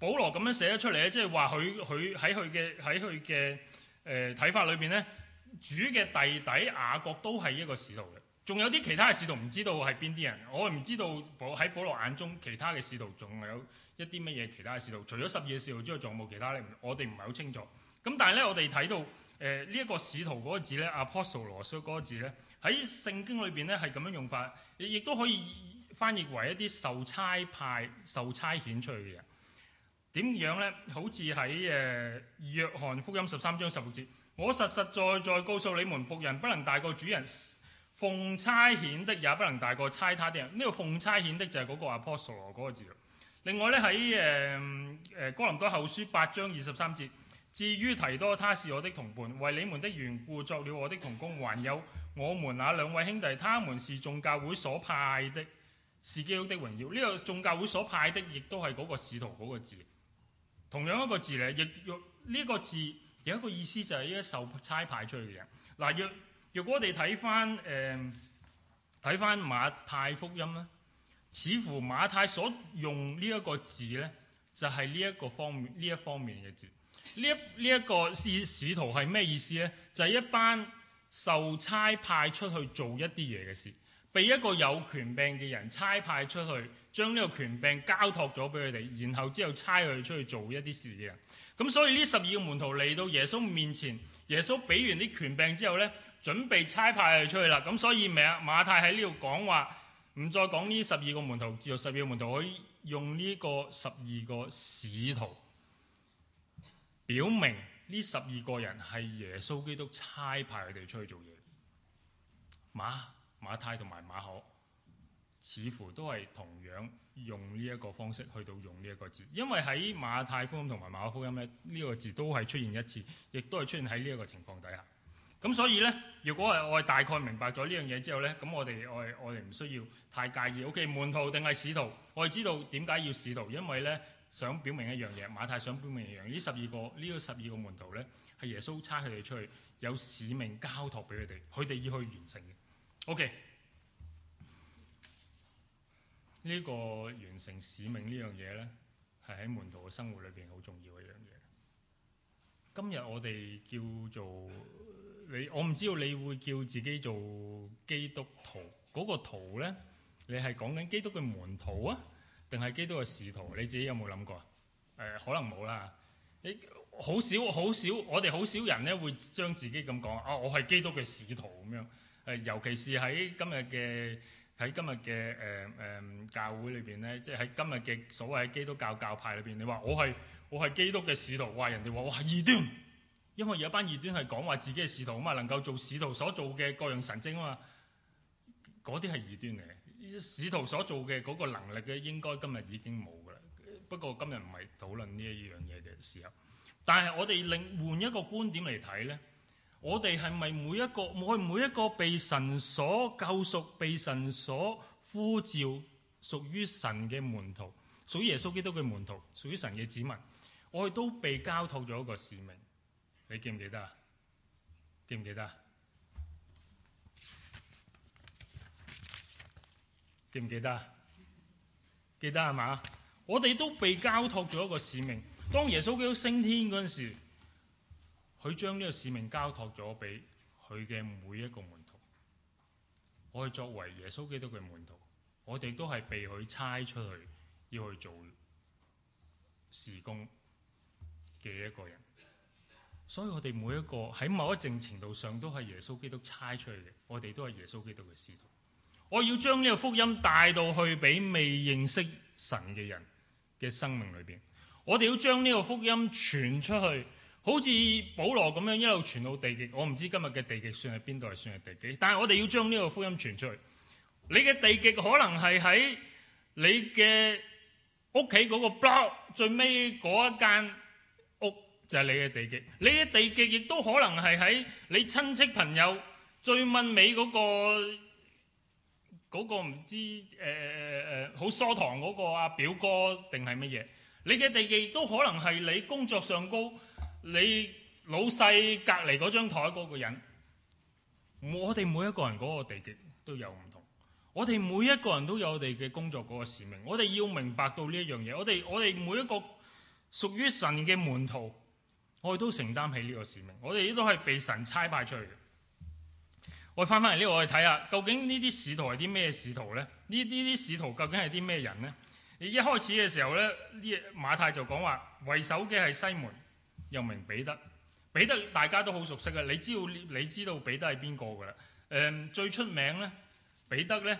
保羅咁樣寫咗出嚟咧，即係話佢佢喺佢嘅喺佢嘅誒睇法裏邊咧。主嘅弟弟雅各都係一個使徒嘅，仲有啲其他嘅使徒唔知道係邊啲人，我唔知道保喺保羅眼中其他嘅使徒仲有一啲乜嘢其他嘅使徒，除咗十二嘅使徒之外仲有冇其他咧，我哋唔係好清楚。咁但係咧，我哋睇到誒呢一個使徒嗰個字咧 apostolos 嗰個字咧，喺聖經裏邊咧係咁樣用法，亦都可以翻譯為一啲受差派、受差遣出去嘅人。點樣咧？好似喺誒約翰福音十三章十六節。我實實在在告訴你們，僕人不能大過主人；奉差遣的也不能大過差他的人。呢、這個奉差遣的就係嗰個 apostle 嗰個字。另外呢，喺誒誒哥林多後書八章二十三節，至於提多，他是我的同伴，為你們的緣故作了我的同工，還有我們那兩位兄弟，他們是眾教會所派的，是基督的榮耀。呢、這個眾教會所派的，亦都係嗰個使徒嗰、那個字。同樣一個字呢，亦用呢個字。有一個意思就係呢啲受差派出去嘅人。嗱，若若果我哋睇翻誒睇翻馬太福音咧，似乎馬太所用呢一個字咧，就係呢一個方面呢一方面嘅字。呢一呢一個使使徒係咩意思咧？就係、是、一班受差派出去做一啲嘢嘅事。被一個有權柄嘅人差派出去，將呢個權柄交託咗俾佢哋，然後之後差佢哋出去做一啲事嘅人。咁所以呢十二個門徒嚟到耶穌面前，耶穌俾完啲權柄之後呢，準備差派佢哋出去啦。咁所以馬馬太喺呢度講話，唔再講呢十二個門徒，叫做十二個門徒可以用呢個十二個使徒，表明呢十二個人係耶穌基督差派佢哋出去做嘢。馬太同埋馬可似乎都係同樣用呢一個方式去到用呢一個字，因為喺馬太福音同埋馬可福音咧，呢個字都係出現一次，亦都係出現喺呢一個情況底下。咁所以呢，如果我哋大概明白咗呢樣嘢之後呢，咁我哋我哋我哋唔需要太介意。O.K. 門徒定係使徒？我哋知道點解要使徒，因為呢想表明一樣嘢。馬太想表明一樣，呢十二個呢個十二個門徒呢，係耶穌差佢哋出去有使命交託俾佢哋，佢哋要去完成嘅。OK，呢個完成使命呢樣嘢呢，係喺門徒嘅生活裏邊好重要嘅一樣嘢。今日我哋叫做你，我唔知道你會叫自己做基督徒嗰、那個徒咧，你係講緊基督嘅門徒啊，定係基督嘅使徒？你自己有冇諗過啊、呃？可能冇啦。你好少好少，我哋好少人咧會將自己咁講啊！我係基督嘅使徒咁樣。誒，尤其是喺今日嘅喺今日嘅誒誒教會裏邊咧，即係喺今日嘅所謂基督教教派裏邊，你話我係我係基督嘅使徒，話人哋話我係異端，因為有一班異端係講話自己係使徒啊嘛，能夠做使徒所做嘅各樣神蹟啊嘛，嗰啲係異端嚟嘅。使徒所做嘅嗰個能力嘅，應該今日已經冇噶啦。不過今日唔係討論呢一樣嘢嘅時候，但係我哋另換一個觀點嚟睇咧。我哋係咪每一個我每一個被神所救贖、被神所呼召、屬於神嘅門徒、屬於耶穌基督嘅門徒、屬於神嘅子民，我哋都被交託咗一個使命。你記唔記得啊？記唔記得啊？記唔記得啊？記得係嘛？我哋都被交託咗一個使命。當耶穌基督升天嗰陣時，佢將呢個使命交託咗俾佢嘅每一個門徒。我係作為耶穌基督嘅門徒，我哋都係被佢差出去要去做事工嘅一個人。所以我哋每一個喺某一定程，程度上都係耶穌基督差出去嘅。我哋都係耶穌基督嘅使徒。我要將呢個福音帶到去俾未認識神嘅人嘅生命裏面。我哋要將呢個福音傳出去。好似保羅咁樣一路傳到地極，我唔知今日嘅地極算係邊度，係算係地極。但係我哋要將呢個福音傳出去。你嘅地極可能係喺你嘅屋企嗰個 block 最尾嗰一間屋就係你嘅地極。你嘅地極亦都可能係喺你親戚朋友最問尾嗰個嗰個唔知呃、呃、呃、好疏堂嗰個阿表哥定係乜嘢？你嘅地極亦都可能係你工作上高。你老細隔離嗰張台嗰個人，我哋每一個人嗰個地極都有唔同。我哋每一個人都有我哋嘅工作嗰個使命。我哋要明白到呢一樣嘢。我哋我哋每一個屬於神嘅門徒，我哋都承擔起呢個使命。我哋都係被神差派出嚟嘅。我翻返嚟呢度，我哋睇下究竟呢啲使徒係啲咩使徒咧？呢呢啲使徒究竟係啲咩人咧？一開始嘅時候咧，呢馬太就講話為首嘅係西門。又名彼得，彼得大家都好熟悉嘅，你知道你知道彼得係邊個㗎啦？誒、嗯、最出名咧，彼得咧，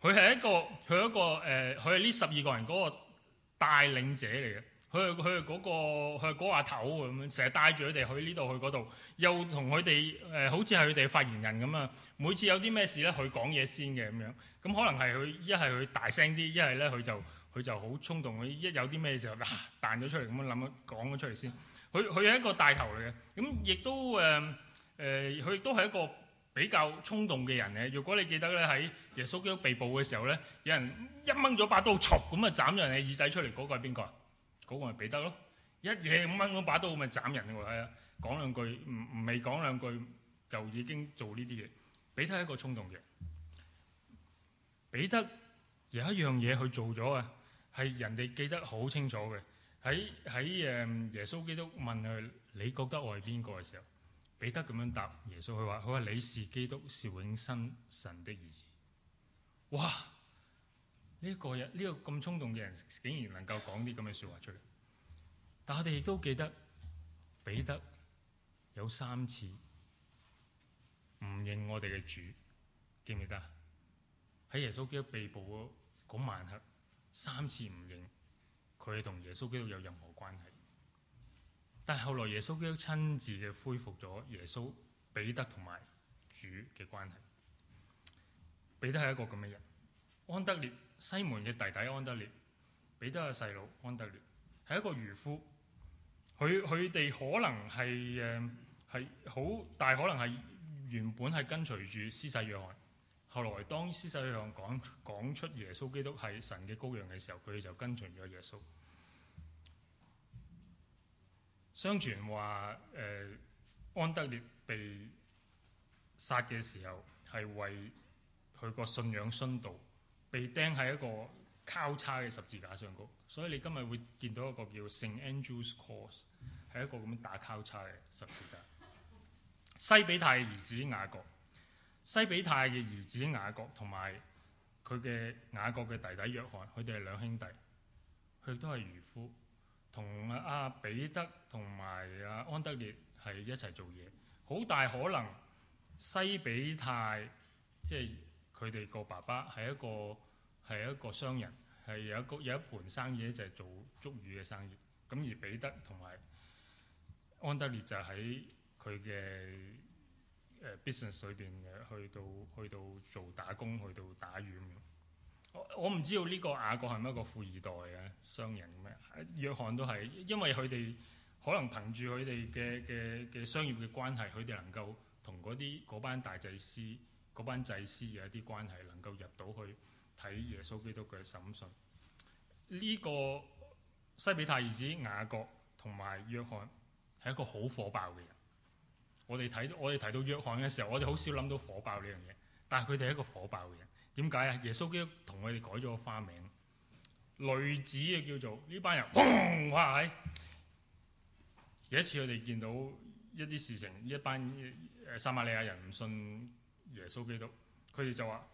佢係一個佢一個誒，佢係呢十二個人嗰個帶領者嚟嘅，佢係佢係嗰個佢嗰個阿頭咁樣，成日帶住佢哋去呢度去嗰度，又同佢哋誒，好似係佢哋嘅發言人咁啊！每次有啲咩事咧，佢講嘢先嘅咁樣，咁可能係佢一係佢大聲啲，一係咧佢就。佢就好衝動，佢一有啲咩就嗱、啊、彈咗出嚟，咁樣諗一講咗出嚟先。佢佢係一個大頭嚟嘅，咁亦都誒誒，佢亦都係一個比較衝動嘅人嘅。如果你記得咧，喺耶穌基督被捕嘅時候咧，有人一掹咗把刀鋸咁啊斬人嘅耳仔出嚟，嗰個係邊個？嗰個係彼得咯，一嘢掹咗把刀咪斬人喎係啊！講兩句唔唔未講兩句就已經做呢啲嘢，彼得係一個衝動嘅。彼得有一樣嘢佢做咗啊！係人哋記得好清楚嘅喺喺誒耶穌基督問佢：你覺得我係邊個嘅時候？彼得咁樣答耶穌，佢話：佢話你是基督，是永生神的兒子。哇！呢個人呢個咁衝動嘅人，竟然能夠講啲咁嘅説話出嚟。但我哋亦都記得彼得有三次唔認我哋嘅主，記唔記得？喺耶穌基督被捕嗰晚黑。三次唔認，佢同耶穌基督有任何關係。但係後來耶穌基督親自嘅恢復咗耶穌彼得同埋主嘅關係。彼得係一個咁嘅人，安德烈，西門嘅弟弟安德烈，彼得嘅細佬安德烈，係一個漁夫。佢，佢哋可能係誒係好，但係可能係原本係跟隨住施洗約翰。後來當施洗約翰講講出耶穌基督係神嘅羔羊嘅時候，佢就跟隨咗耶穌。相傳話誒、呃、安德烈被殺嘅時候係為佢個信仰殉道，被釘喺一個交叉嘅十字架上高。所以你今日會見到一個叫聖安德烈 cross 係一個咁樣打交叉嘅十字架。西比泰嘅兒子雅各。西比泰嘅兒子雅各同埋佢嘅雅各嘅弟弟約翰，佢哋係兩兄弟，佢都係漁夫，同阿彼得同埋阿安德烈係一齊做嘢。好大可能，西比泰即係佢哋個爸爸係一個係一個商人，係有一個有一盤生意就係做捉魚嘅生意。咁而彼得同埋安德烈就喺佢嘅誒 business 裏邊嘅，去到去到做打工，去到打漁，我唔知道呢個雅各係咪一個富二代嘅、啊、商人咩樣？約翰都係，因為佢哋可能憑住佢哋嘅嘅嘅商業嘅關係，佢哋能夠同嗰啲嗰班大祭司、嗰班祭司有一啲關係，能夠入到去睇耶穌基督嘅審訊。呢、嗯、個西庇太兒子雅各同埋約翰係一個好火爆嘅人。我哋睇到我哋提到約翰嘅時候，我哋好少諗到火爆呢樣嘢，但係佢哋係一個火爆嘅人。點解啊？耶穌基督同佢哋改咗個花名，雷子嘅叫做呢班人。有一、啊、次我哋見到一啲事情，一班誒撒瑪利亞人唔信耶穌基督，佢哋就話：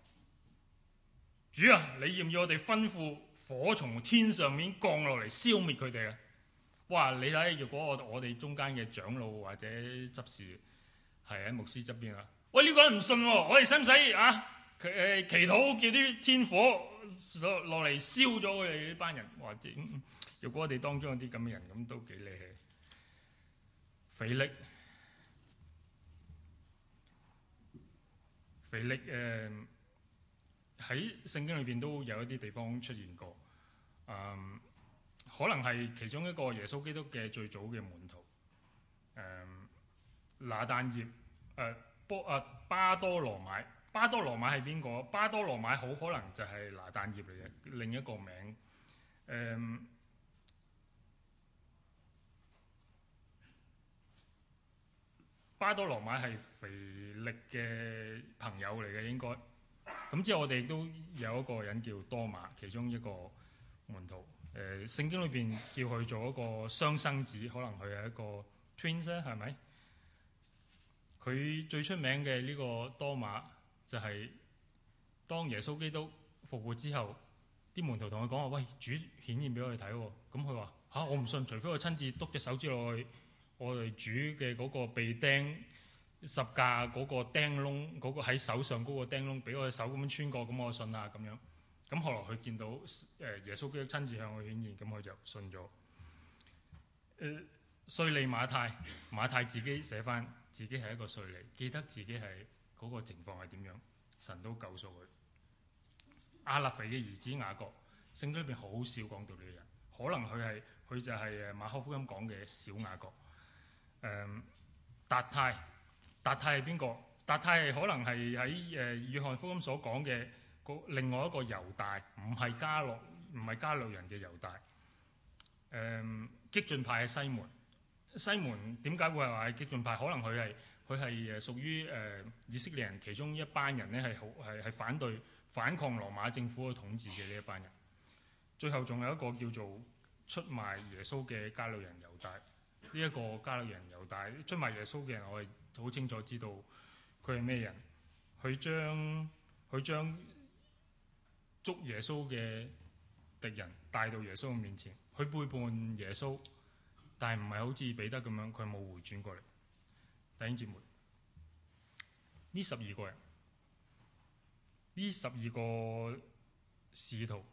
主啊，你要唔要我哋吩咐火從天上面降落嚟，消滅佢哋啊？哇！你睇，如果我我哋中間嘅長老或者執事係喺牧師側邊啦，喂呢、這個人唔信喎、啊，我哋使唔使啊？誒祈禱叫啲天火落嚟燒咗佢哋呢班人，或者、嗯、如果我哋當中有啲咁嘅人，咁都幾厲害。腓力，腓力誒喺聖經裏邊都有一啲地方出現過，誒、嗯。可能係其中一個耶穌基督嘅最早嘅門徒，誒、嗯、拿但業，誒、啊、波誒巴多羅買，巴多羅買係邊個？巴多羅買好可能就係拿但業嚟嘅，另一個名。誒、嗯、巴多羅買係腓力嘅朋友嚟嘅，應該。咁之後我哋都有一個人叫多馬，其中一個門徒。誒聖經裏面叫佢做一個雙生子，可能佢係一個 twins 咧，係咪？佢最出名嘅呢個多馬，就係、是、當耶穌基督復活之後，啲門徒同佢講話：喂，主顯現俾我哋睇、哦，咁佢話吓，我唔信，除非我親自篤隻手指落去，我哋主嘅嗰個被釘十架嗰個釘窿，嗰、那個喺手上嗰個釘窿，俾我隻手咁樣穿過，咁我信啊，咁樣。咁後來佢見到耶穌基督親自向佢顯現，咁佢就信咗。誒、呃，稅吏馬太，馬太自己寫返，自己係一個稅吏，記得自己係嗰、那個情況係點樣，神都救贖佢。亞勒腓嘅兒子雅各，聖經裏邊好少講到呢個人，可能佢係佢就係誒馬可福音講嘅小雅各。誒、呃，達太，達太係邊個？達太係可能係喺誒約翰福音所講嘅。個另外一個猶大，唔係加略，唔係加略人嘅猶大，誒，激進派喺西門，西門點解會係話激進派？可能佢係佢係誒屬於誒以色列人其中一班人咧，係好係係反對反抗羅馬政府嘅統治嘅呢一班人。最後仲有一個叫做出賣耶穌嘅加略人猶大，呢一個加略人猶大出賣耶穌嘅人，我係好清楚知道佢係咩人，佢將佢將。捉耶穌嘅敵人帶到耶穌嘅面前，去背叛耶穌，但係唔係好似彼得咁樣，佢冇回轉過嚟。弟兄姊妹，呢十二個人，呢十二個使徒，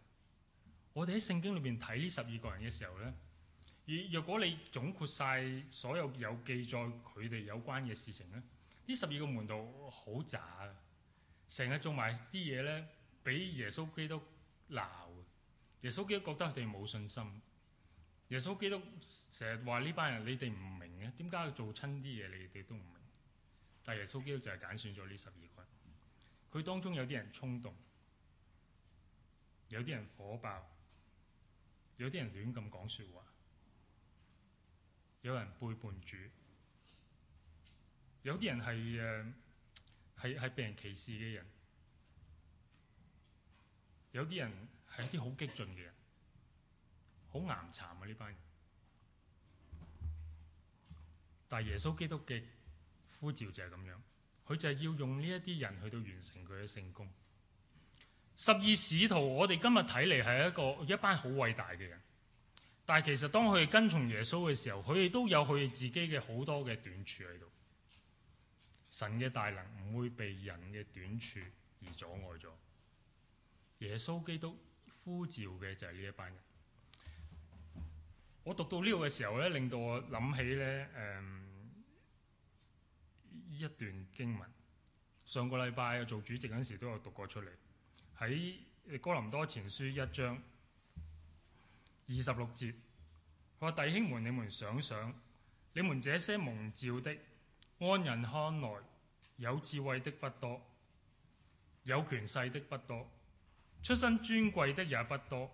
我哋喺聖經裏邊睇呢十二個人嘅時候咧，若果你總括晒所有有記載佢哋有關嘅事情咧，呢十二個門徒好渣啊，成日做埋啲嘢咧。俾耶穌基督鬧，耶穌基督覺得佢哋冇信心。耶穌基督成日話呢班人你哋唔明嘅，點解做親啲嘢你哋都唔明？但耶穌基督就係揀選咗呢十二個人，佢當中有啲人衝動，有啲人火爆，有啲人亂咁講説話，有人背叛主，有啲人係誒係係被人歧視嘅人。有啲人係一啲好激進嘅人，好岩殘啊，呢班人。但係耶穌基督嘅呼召就係咁樣，佢就係要用呢一啲人去到完成佢嘅成功。十二使徒我哋今日睇嚟係一個一班好偉大嘅人，但係其實當佢哋跟從耶穌嘅時候，佢哋都有佢哋自己嘅好多嘅短處喺度。神嘅大能唔會被人嘅短處而阻礙咗。耶穌基督呼召嘅就係、是、呢一班人。我讀到呢個嘅時候咧，令到我諗起咧呢、嗯、一段經文。上個禮拜我做主席嗰陣時都有讀過出嚟，喺哥林多前書一章二十六節，佢話：弟兄們，你們想想，你們這些蒙召的安人，看來有智慧的不多，有權勢的不多。出身尊貴的也不多，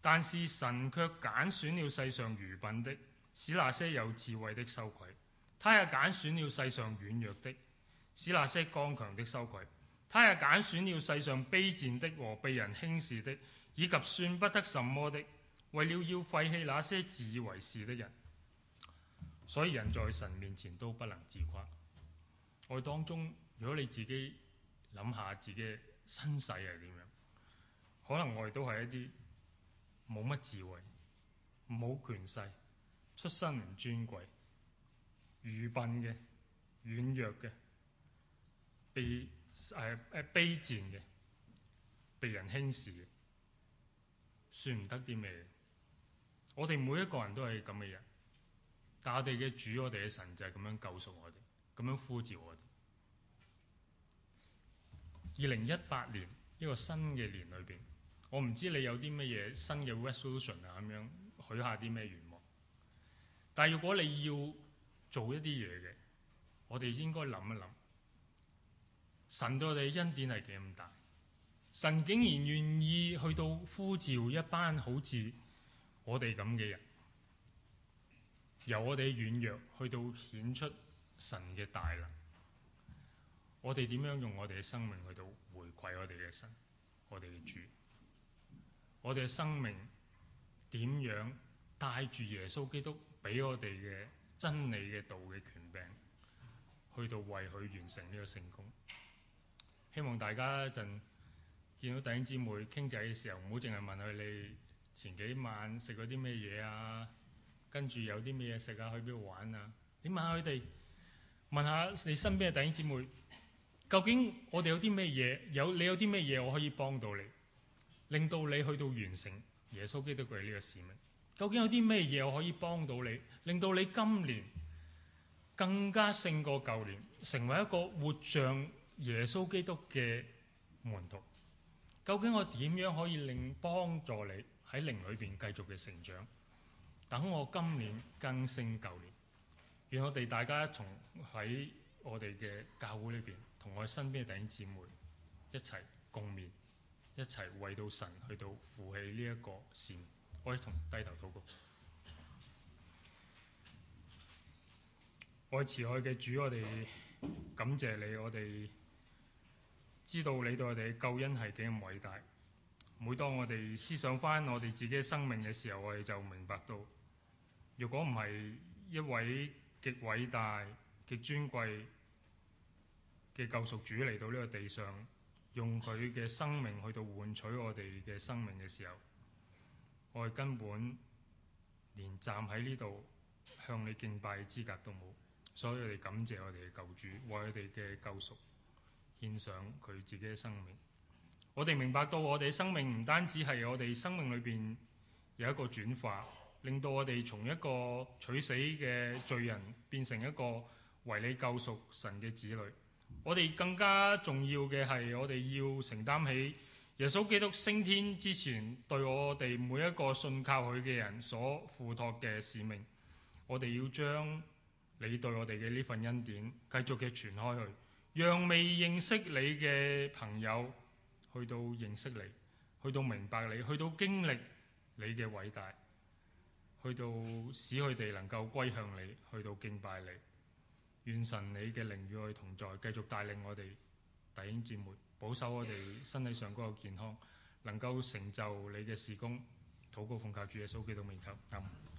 但是神卻揀選了世上愚笨的，使那些有智慧的羞愧；他也揀選了世上軟弱的，使那些剛強的羞愧；他也揀選了世上卑賤的和被人輕視的，以及算不得什麼的，為了要廢棄那些自以為是的人。所以人在神面前都不能自誇。我當中，如果你自己諗下自己身世係點樣？可能我哋都係一啲冇乜智慧、冇權勢、出身唔尊貴、愚笨嘅、軟弱嘅、被係誒卑賤嘅、被人輕視嘅，算唔得啲咩？我哋每一個人都係咁嘅人，但係我哋嘅主、我哋嘅神就係咁樣救贖我哋，咁樣呼召我哋。二零一八年一個新嘅年裏邊。我唔知你有啲乜嘢新嘅 resolution 啊，咁樣，許下啲咩願望。但係如果你要做一啲嘢嘅，我哋應該諗一諗，神對我哋恩典係幾咁大？神竟然願意去到呼召一班好似我哋咁嘅人，由我哋軟弱去到顯出神嘅大能。我哋點樣用我哋嘅生命去到回饋我哋嘅神，我哋嘅主？我哋嘅生命點樣帶住耶穌基督俾我哋嘅真理嘅道嘅權柄，去到為佢完成呢個成功。希望大家一陣見到弟兄姊妹傾偈嘅時候，唔好淨係問佢你前幾晚食過啲咩嘢啊，跟住有啲咩嘢食啊，去邊度玩啊？你問下佢哋，問下你身邊嘅弟兄姊妹，究竟我哋有啲咩嘢？有你有啲咩嘢我可以幫到你？令到你去到完成耶穌基督佢呢個使命，究竟有啲咩嘢，我可以幫到你，令到你今年更加勝過舊年，成為一個活像耶穌基督嘅門徒。究竟我點樣可以令幫助你喺靈裏邊繼續嘅成長？等我今年更勝舊年，願我哋大家一從喺我哋嘅教會裏邊，同我身邊嘅弟兄姊妹一齊共勉。一齊為到神去到扶起呢一個善哀我同低頭禱告，愛慈愛嘅主，我哋感謝你，我哋知道你對我哋嘅救恩係幾咁偉大。每當我哋思想返我哋自己嘅生命嘅時候，我哋就明白到，如果唔係一位極偉大、極尊貴嘅救贖主嚟到呢個地上。用佢嘅生命去到換取我哋嘅生命嘅時候，我哋根本連站喺呢度向你敬拜嘅資格都冇，所以我哋感謝我哋嘅救主為我哋嘅救贖獻上佢自己嘅生命。我哋明白到我哋生命唔單止係我哋生命裏邊有一個轉化，令到我哋從一個取死嘅罪人變成一個為你救贖神嘅子女。我哋更加重要嘅係，我哋要承擔起耶穌基督升天之前對我哋每一個信靠佢嘅人所付託嘅使命。我哋要將你對我哋嘅呢份恩典繼續嘅傳開去，讓未認識你嘅朋友去到認識你，去到明白你，去到經歷你嘅偉大，去到使佢哋能夠歸向你，去到敬拜你。願神你嘅靈與愛同在，繼續帶領我哋弟兄姊妹，保守我哋身體上嗰個健康，能夠成就你嘅事工。禱告奉教主耶穌基督未及。阿門。